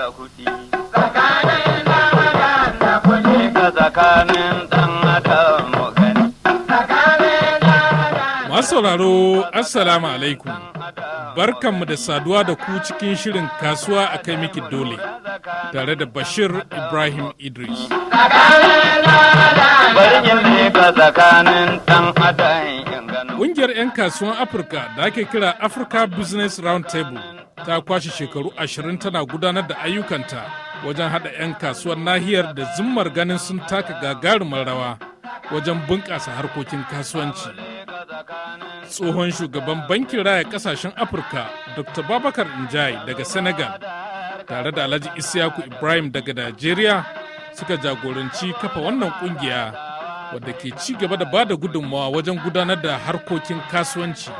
da kuɗi. Tsakanin ɗan adam da kuɗi. Ka tsakanin adam gani. sauraro, Assalamu alaikum. Barkanmu da saduwa da ku cikin shirin kasuwa a kai miki dole tare da Bashir Ibrahim Idris. Ƙungiyar 'yan kasuwan Afirka da ake kira Africa Business Roundtable ta kwashe shekaru ashirin tana gudanar da ayyukanta wajen hada 'yan kasuwar nahiyar da zimmar ganin sun taka gagarumar rawa wajen bunƙasa harkokin kasuwanci. Tsohon shugaban bankin raya kasashen Afirka Dr. Babakar Njai daga Senegal tare da Alhaji Isiyaku Ibrahim daga nigeria suka jagoranci kafa wannan kungiya wadda ke ci gaba da bada gudunmawa wajen gudanar da harkokin kasuwanci.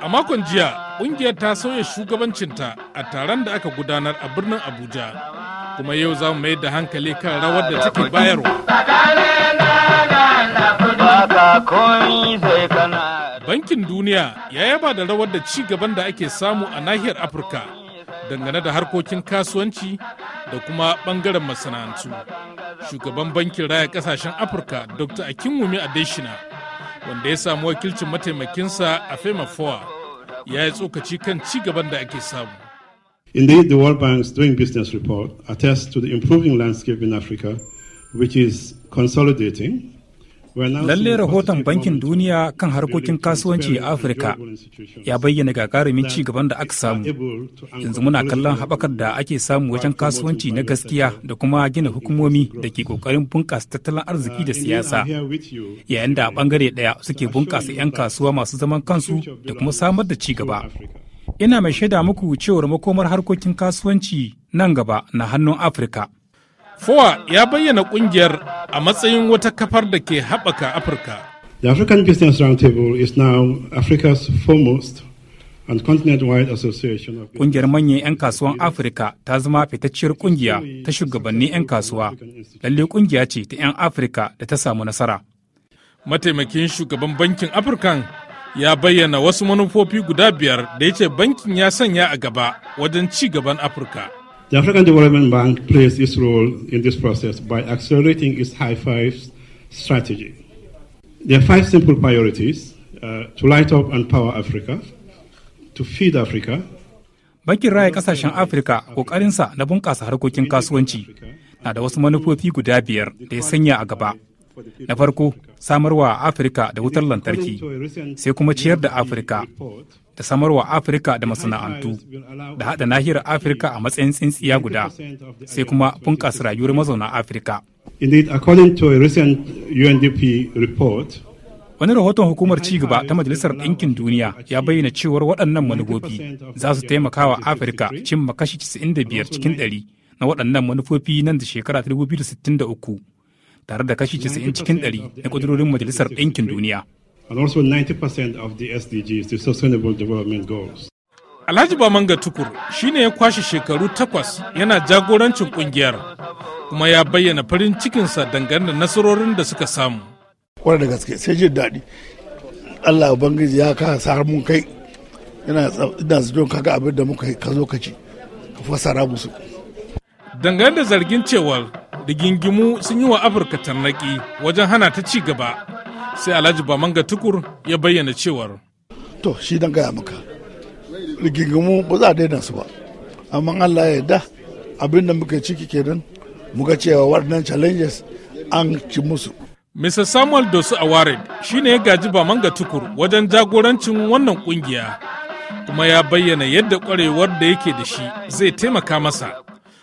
A makon jiya, ƙungiyar ta sauya shugabancinta a taron da aka gudanar a birnin Abuja. Kuma yau za mu mayar da hankali kan rawar da take bayarwa. Bankin Duniya ya yaba da rawar da ci gaban da ake samu a nahiyar Afirka dangane da harkokin kasuwanci da kuma ɓangaren masana'antu. Shugaban bankin raya kasashen Afirka Dr. Akinwumi Adeshina wanda ya samu wakilcin mataimakinsa a fema ya yi tsokaci kan ci gaban da ake samu Indeed, the World Bank's Doing Business report attests to the improving landscape in Africa, which is consolidating lallai rahoton Bankin Duniya kan harkokin kasuwanci a Afirka ya bayyana gagarumin ci gaban da aka samu. Yanzu muna kallon haɓakar da ake samu wajen kasuwanci na gaskiya da kuma gina hukumomi da ke ƙoƙarin bunƙasa tattalin arziki da siyasa. Yayin da a ɓangare ɗaya suke bunƙasa 'yan kasuwa masu zaman kansu da kuma samar da ci gaba. Ina mai shaida muku cewar makomar harkokin kasuwanci nan gaba na hannun Afirka. Fowa ya bayyana kungiyar a matsayin wata kafar da ke haɓaka Afirka. The African Business Roundtable is now Africa's foremost and continent-wide association of... Kungiyar manyan 'yan kasuwan Afirka ta zama fitacciyar kungiya ta shugabannin 'yan kasuwa. Lalle kungiya ce ta 'yan Afirka da ta samu nasara. Mataimakin shugaban bankin Afirkan ya bayyana wasu manufofi guda biyar da ya ce bankin ya sanya a gaba wajen ci gaban Afirka. The African Development Bank plays its role in this process by accelerating its high five strategy. There are five simple priorities uh, to light up and power Africa, to feed Africa. Bankin raya kasashen Afirka ƙoƙarinsa na bunƙasa harkokin kasuwanci na da wasu manufofi guda biyar da ya sanya a gaba. na farko samarwa afirka da wutar lantarki sai kuma ciyar da afirka da samarwa afirka da masana'antu da haɗa nahiyar afirka a matsayin tsintsiya guda sai kuma bunƙasa rayuwar mazauna afirka wani rahoton hukumar cigaba ta majalisar ɗinkin duniya ya bayyana cewar waɗannan manufofi za su taimaka wa afirka cimma kashi 95 cikin 100 na waɗannan manufofi nan da shekara 2063 tare da kashi 90 cikin 100 na ƙudurorin Majalisar Ɗinkin Duniya. Alhaji also 90% of shi SDGs, Alhaji Bamanga Tukur shine ya kwashe shekaru takwas yana jagorancin ƙungiyar. kuma ya bayyana farin cikinsa dangane da nasarorin da suka samu. Kwarar da gaske sai jin daɗi. Allah Ubangiji ya kasa sa mun kai yana ina zaton kaga abin da muka ka zo ka ci ka fasara musu. Dangane da zargin cewar rigingimu sun yi wa afirka tarnaƙi wajen hana ta ci gaba sai alhaji bamanga tukur ya bayyana cewar to shi dan gaya maka rigingimu ba za a daina su ba amma allah ya yarda abin da muka ciki kenan muka cewa waɗannan challenges an ci musu Mr. Samuel Dosu Awared ne ya gaji Bamanga Tukur wajen jagorancin wannan kungiya kuma ya bayyana yadda kwarewar da yake da shi zai taimaka masa.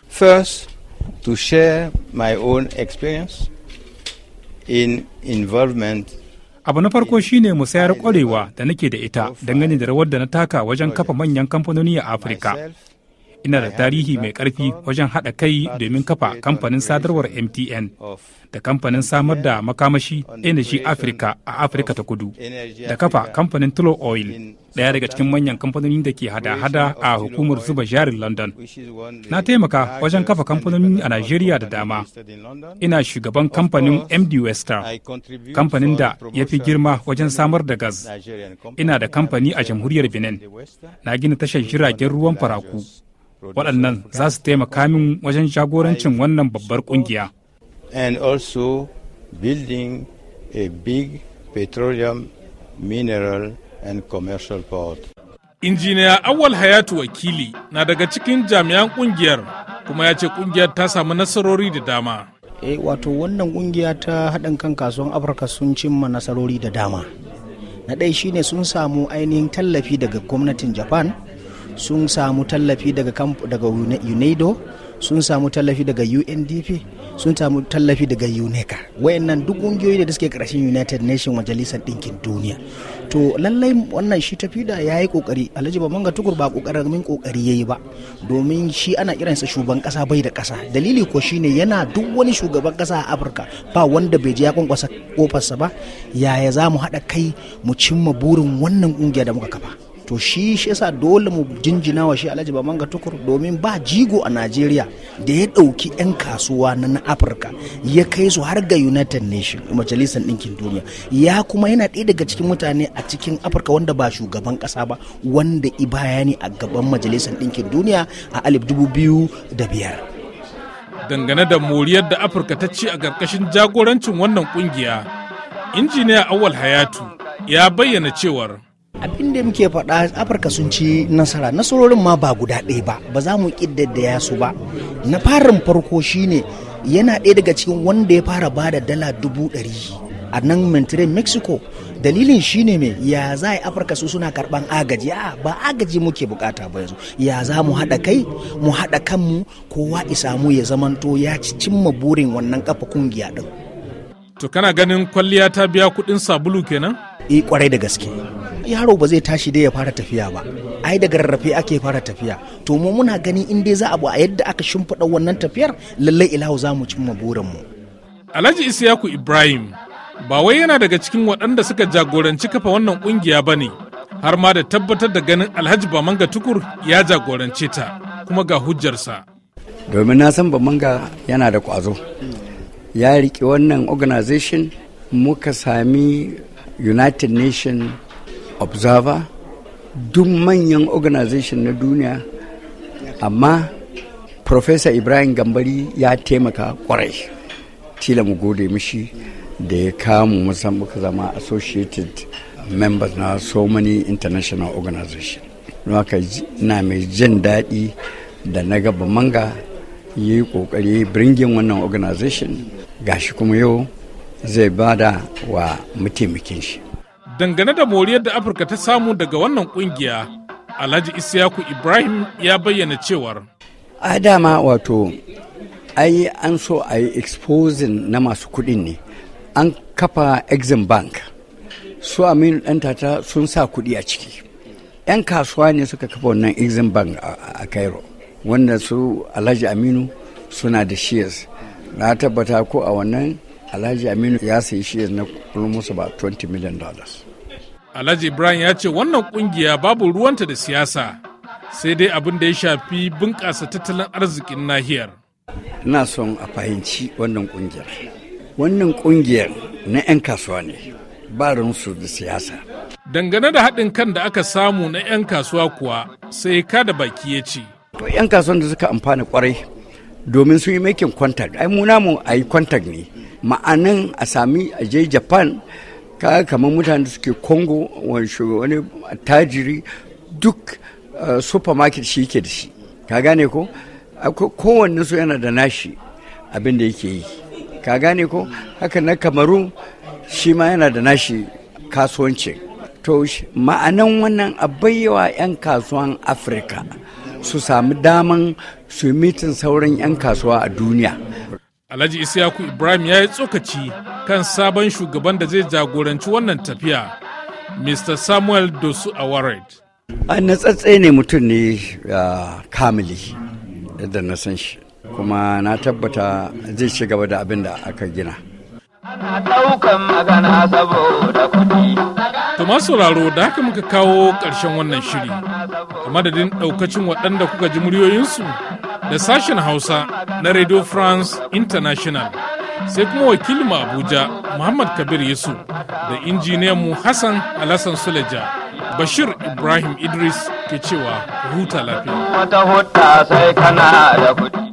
First, to share my own experience in involvement abu na farko shine musayar kwarewa da nake da ita dangane da rawar da na taka wajen kafa manyan kamfanoni a afirka ina da tarihi mai ƙarfi wajen haɗa kai domin kafa kamfanin sadarwar mtn da kamfanin samar da makamashi energy africa a afirka ta kudu da kafa kamfanin tulo oil ɗaya daga cikin manyan kamfanonin da ke hada-hada a hukumar zuba jarin london na taimaka wajen kafa kamfanoni a najeriya da dama ina shugaban kamfanin md wester kamfanin da ya fi girma wajen samar da gas ina da kamfani a jamhuriyar benin na gina tashar jiragen ruwan faraku waɗannan za su taimaka min wajen jagorancin wannan babbar ƙungiya. and also building a big petroleum mineral and commercial port. injiniya awal hayatu wakili na daga cikin jami'an kungiyar kuma ya ce kungiyar ta samu nasarori da dama e wato wannan ƙungiya ta haɗin kan kasuwan afirka sun cimma nasarori da dama na ɗaya shine sun samu ainihin tallafi daga gwamnatin japan sun samu tallafi daga UNEDO sun samu tallafi daga UNDP sun samu tallafi daga UNECA wayannan duk ƙungiyoyi da suke ƙarshen United Nation majalisar ɗinkin duniya to lallai wannan shi tafi da ya yi ƙoƙari Alhaji manga Tukur ba ƙoƙarin ƙoƙari ya yi ba domin shi ana kiransa shugaban ƙasa bai da ƙasa dalili ko shine yana duk wani shugaban ƙasa a Afirka ba wanda bai je ya kwankwasa ƙofarsa ba yaya za mu haɗa kai mu cimma burin wannan ƙungiya da muka kafa to shi shi yasa dole mu jinjina wa shi alhaji ga tukur domin ba jigo a najeriya da ya ɗauki 'yan kasuwa na na afirka ya kai su har ga united nation majalisar dinkin duniya ya kuma yana ɗaya daga cikin mutane a cikin afirka wanda ba shugaban ƙasa ba wanda i bayani a gaban majalisar dinkin duniya a alif dubu biyu da biyar dangane da moriyar da afirka ta ci a karkashin jagorancin wannan ƙungiya injiniya awal hayatu ya bayyana cewar abin da muke faɗa afirka sun ci nasara nasarorin ma ba guda ɗaya ba ba za mu ƙiddaya su ba na farin farko shine yana ɗaya daga cikin wanda ya fara ba da dala dubu ɗari a nan Monterrey Mexico dalilin shine mai ya za a Afirka su suna karɓan agaji a ba agaji muke bukata ba yanzu ya za mu haɗa kai mu haɗa kanmu kowa mu ya zamanto ya ci cimma burin wannan kafa kungiya din to kana ganin kwalliya ta biya kuɗin sabulu kenan e eh, kwarai da gaske yaro ba zai tashi dai ya fara tafiya ba ai da rarrafe ake fara tafiya to mu muna gani in dai za a bu a yadda aka shimfiɗa wannan tafiyar lallai ilahu za mu cimma burin mu alhaji isiyaku ibrahim ba wai yana daga cikin waɗanda suka jagoranci kafa wannan kungiya ba ne har ma da tabbatar da ganin alhaji bamanga tukur ya jagorance ta kuma ga hujjarsa domin na san bamanga yana da ƙwazo ya riƙe wannan organization muka sami united nations. observer duk manyan organization na duniya amma professor ibrahim gambari ya taimaka kwarai tila mu gode mishi da ya kamu Musamman muka zama associated members na so many international organization haka na mai jin daɗi da na gaba manga yi ƙoƙari bringin wannan organization gashi kuma yau zai bada wa mataimakin shi dangane da moriyar da afirka ta samu daga wannan kungiya alhaji isiyaku ibrahim ya bayyana cewar a dama wato ai an so a yi exposing na masu kudin ne an kafa exim bank su aminu dan tata sun sa kudi a ciki yan kasuwa ne suka kafa wannan exim bank a cairo wanda su alhaji aminu suna da shears na tabbata ko a wannan alhaji aminu ya sayi shi na musu ba 20 million dollars alhaji ibrahim ya ce wannan kungiya babu ruwanta da siyasa sai dai abin da ya shafi bunƙasa tattalin arzikin nahiyar ina son a fahimci wannan kungiyar wannan kungiyar na 'yan kasuwa ne ba su da siyasa dangane da haɗin kan da aka samu na 'yan kasuwa kuwa sai ka da baki ya ce to 'yan kasuwan da suka amfana kwarai domin sun yi making contact ai mu namu a yi contact ne ma'anan a sami a je japan ka kamar mutane suke congo wani tajiri duk eh, supermarket shi ke da shi ka gane ko kowanne su yana da nashi abin da yake yi ka gane ko haka na kamaru shi ma yana da nashi kasuwanci to ma'anan wannan a bayyawa 'yan kasuwan afirka su sami daman su sauran 'yan kasuwa a duniya. Alhaji Isiyaku Ibrahim ya yi tsokaci kan sabon shugaban da zai jagoranci wannan tafiya, Mr. Samuel Dosu Awarid. A natsatse ne mutum ne kamili yadda na san shi, kuma na tabbata zai ci gaba da abin da aka gina. Ana Tuma sauraro da haka muka kawo ƙarshen wannan shiri, a madadin ɗaukacin waɗanda kuka ji muryoyinsu da sashen Hausa na Radio France International. Sai kuma wakilin Abuja Muhammad Kabir Yusuf da injiniyan mu Hassan Alassan Suleja. Bashir Ibrahim Idris ke cewa huta lafiya.